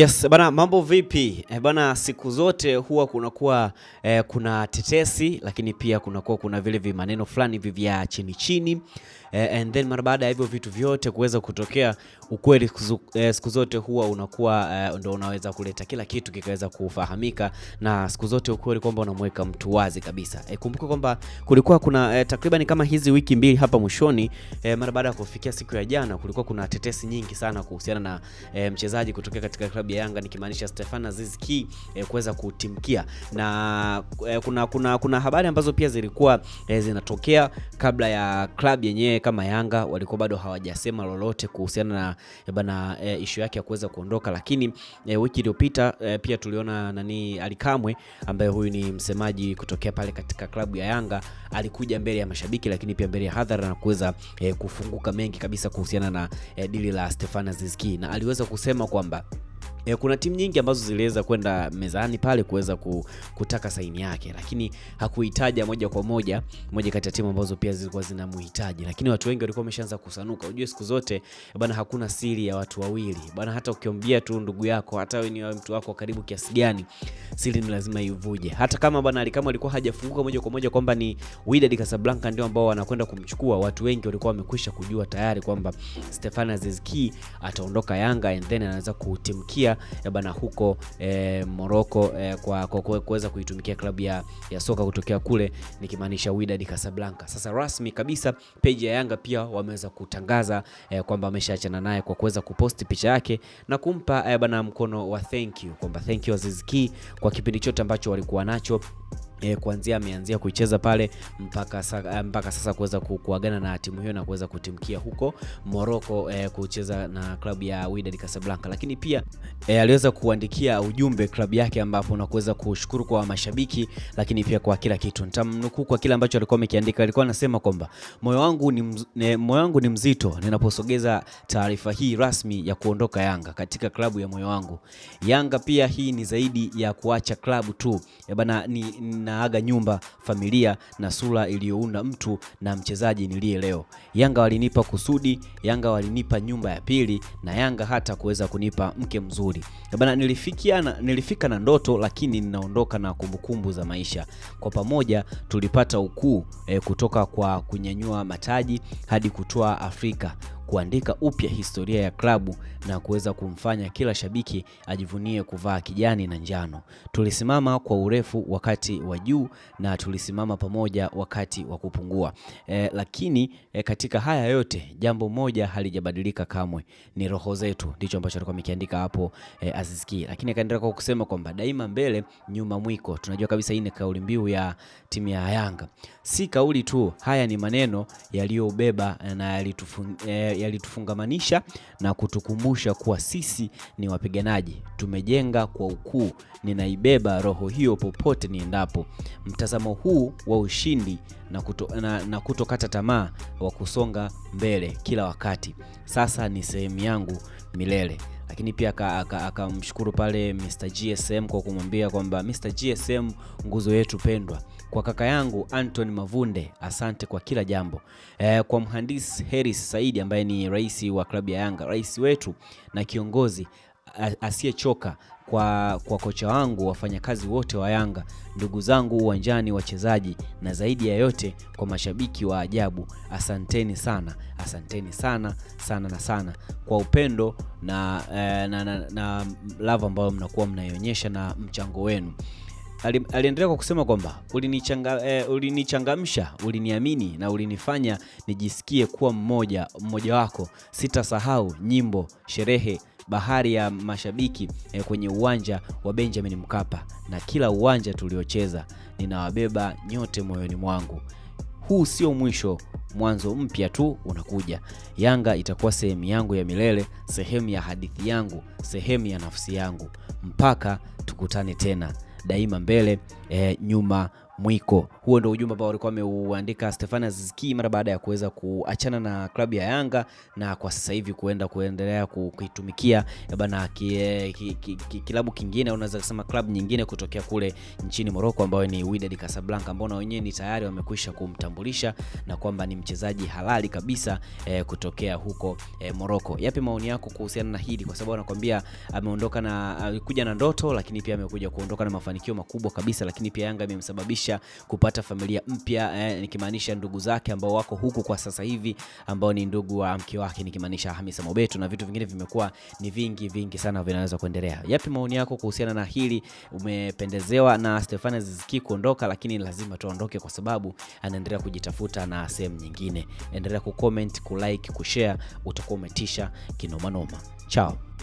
Yes, bana mambo vipi? E, bana siku zote huwa kunakuwa e, eh, kuna tetesi lakini pia kunakuwa kuna vile vimaneno fulani hivi vya chini chini e, and then mara baada ya hivyo vitu vyote kuweza kutokea, ukweli siku zote huwa unakuwa e, ndo unaweza kuleta kila kitu kikaweza kufahamika, na siku zote ukweli kwamba unamweka mtu wazi kabisa. E, kumbuka kwamba kulikuwa kuna e, takriban kama hizi wiki mbili hapa mwishoni e, mara baada ya kufikia siku ya jana kulikuwa kuna tetesi nyingi sana kuhusiana na e, mchezaji kutokea katika klabu ya Yanga nikimaanisha Stefan Aziz Ki eh, kuweza kutimkia na e, kuna, kuna, kuna habari ambazo pia zilikuwa e, zinatokea kabla ya klabu yenyewe kama Yanga walikuwa bado hawajasema lolote kuhusiana na eh, bana e, eh, ishu yake ya kuweza kuondoka, lakini e, wiki iliyopita e, pia tuliona nani Alikamwe ambaye huyu ni msemaji kutokea pale katika klabu ya Yanga alikuja mbele ya mashabiki, lakini pia mbele ya hadhara na kuweza e, kufunguka mengi kabisa kuhusiana na e, dili la Stefan Aziz Ki na aliweza kusema kwamba E, kuna timu nyingi ambazo ziliweza kwenda mezani pale kuweza kutaka saini yake, lakini hakuitaja moja kwa moja moja kati ya timu ambazo pia zilikuwa zinamhitaji, lakini watu wengi walikuwa wameshaanza kusanuka. Unajua siku zote bwana, hakuna siri ya watu wawili bwana. Hata ukiombia tu ndugu yako, hata wewe ni mtu wako karibu kiasi gani, siri ni lazima ivuje. Hata kama bwana Alikama alikuwa hajafunguka moja kwa moja kwamba ni Wydad Casablanca ndio ambao wanakwenda kumchukua, watu wengi walikuwa wamekwisha kujua tayari kwamba Stephane Aziz Ki ataondoka Yanga and then anaweza kutimkia bana huko e, eh, moroko e, eh, kwa kuweza kuitumikia klabu ya, ya soka kutokea kule nikimaanisha Wydad Casablanca. Sasa rasmi kabisa peji ya Yanga pia wameweza kutangaza e, kwamba wameshaachana naye kwa kuweza kuposti picha yake na kumpa e, bana mkono wa thank you kwamba thank you Aziz kwa kipindi chote ambacho walikuwa nacho E, kuanzia ameanzia kuicheza pale mpaka, sa, eh, mpaka sasa kuweza kuagana na timu hiyo na kuweza kutimkia huko Morocco e, kucheza na klabu ya Wydad Casablanca, lakini pia e, aliweza kuandikia ujumbe klabu yake ambapo na kuweza kushukuru kwa mashabiki, lakini pia kwa kila kitu. Nitamnukuu kwa kile ambacho alikuwa amekiandika. Alikuwa anasema kwamba moyo wangu ni, mz, ne, moyo wangu ni mzito ninaposogeza taarifa hii rasmi ya kuondoka Yanga katika klabu ya moyo wangu Yanga. Pia hii ni zaidi ya kuacha klabu tu e, bana ni inaaga nyumba, familia na sura iliyounda mtu na mchezaji niliye leo. Yanga walinipa kusudi, Yanga walinipa nyumba ya pili, na Yanga hata kuweza kunipa mke mzuri. Bana, nilifikia na, nilifika na ndoto lakini ninaondoka na kumbukumbu za maisha. Kwa pamoja tulipata ukuu e, kutoka kwa kunyanyua mataji hadi kutoa Afrika kuandika upya historia ya klabu na kuweza kumfanya kila shabiki ajivunie kuvaa kijani na njano. Tulisimama kwa urefu wakati wa juu na tulisimama pamoja wakati wa kupungua. E, lakini e, katika haya yote jambo moja halijabadilika kamwe, ni roho zetu, ndicho ambacho alikuwa amekiandika hapo e, Aziz Ki. Lakini akaendelea kwa kusema kwamba daima mbele, nyuma mwiko. Tunajua kabisa hii ni kauli mbiu ya timu ya Yanga, si kauli tu, haya ni maneno yaliyobeba na yalitufundisha e, yalitufungamanisha na kutukumbusha kuwa sisi ni wapiganaji, tumejenga kwa ukuu. Ninaibeba roho hiyo popote niendapo. Mtazamo huu wa ushindi na, kuto, na, na kutokata tamaa wa kusonga mbele kila wakati, sasa ni sehemu yangu milele lakini pia akamshukuru aka, aka pale Mr GSM kwa kumwambia kwamba Mr GSM, nguzo yetu pendwa, kwa kaka yangu Anton Mavunde, asante kwa kila jambo e, kwa mhandisi Harris Saidi ambaye ni rais wa klabu ya Yanga, rais wetu na kiongozi asiyechoka kwa, kwa kocha wangu, wafanyakazi wote wa Yanga, ndugu zangu uwanjani, wachezaji, na zaidi ya yote kwa mashabiki wa ajabu, asanteni sana, asanteni sana sana na sana kwa upendo na, eh, na, na, na lava ambayo mnakuwa mnaionyesha na mchango wenu. Aliendelea kwa kusema kwamba ulinichangamsha eh, ulinichangamsha, uliniamini na ulinifanya nijisikie kuwa mmoja mmoja wako. Sitasahau nyimbo, sherehe bahari ya mashabiki eh, kwenye uwanja wa Benjamin Mkapa, na kila uwanja tuliocheza ninawabeba nyote moyoni mwangu. Huu sio mwisho, mwanzo mpya tu unakuja. Yanga itakuwa sehemu yangu ya milele, sehemu ya hadithi yangu, sehemu ya nafsi yangu, mpaka tukutane tena. Daima mbele eh, nyuma mwiko. Huo ndio ujumbe ambao walikuwa wameuandika Stefan Aziz Ki mara baada ya kuweza kuachana na klabu ya Yanga na kwa sasa hivi kuenda kuendelea kuitumikia eh, bana ki, eh, ki, ki, ki, kilabu kingine, unaweza kusema klabu nyingine kutokea kule nchini Morocco, ambayo ni Wydad Casablanca, ambao na wenyewe ni tayari wamekwisha kumtambulisha na kwamba ni mchezaji halali kabisa eh, kutokea huko eh, Morocco. Yapi maoni yako kuhusiana na hili? Kwa sababu anakuambia ameondoka na alikuja na ndoto, lakini pia amekuja kuondoka na mafanikio makubwa kabisa, lakini pia Yanga imemsababisha kumaanisha kupata familia mpya eh, nikimaanisha ndugu zake ambao wako huku kwa sasa hivi ambao ni ndugu wa mke wake nikimaanisha Hamisa Mobeto na vitu vingine vimekuwa ni vingi vingi sana vinaweza kuendelea. Yapi maoni yako kuhusiana na hili? Umependezewa na Stephane Ziziki kuondoka, lakini lazima tuondoke kwa sababu anaendelea kujitafuta na sehemu nyingine. Endelea kucomment, kulike, kushare, utakuwa umetisha kinomanoma. Chao.